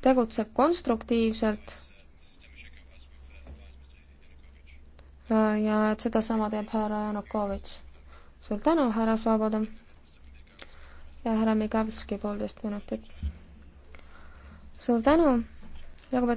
tegutseb konstruktiivselt ja et sedasama teeb härra Janukovitš. suur tänu, härra Svoboda ja härra Migalski, poolteist minutit. suur tänu, lugupeetud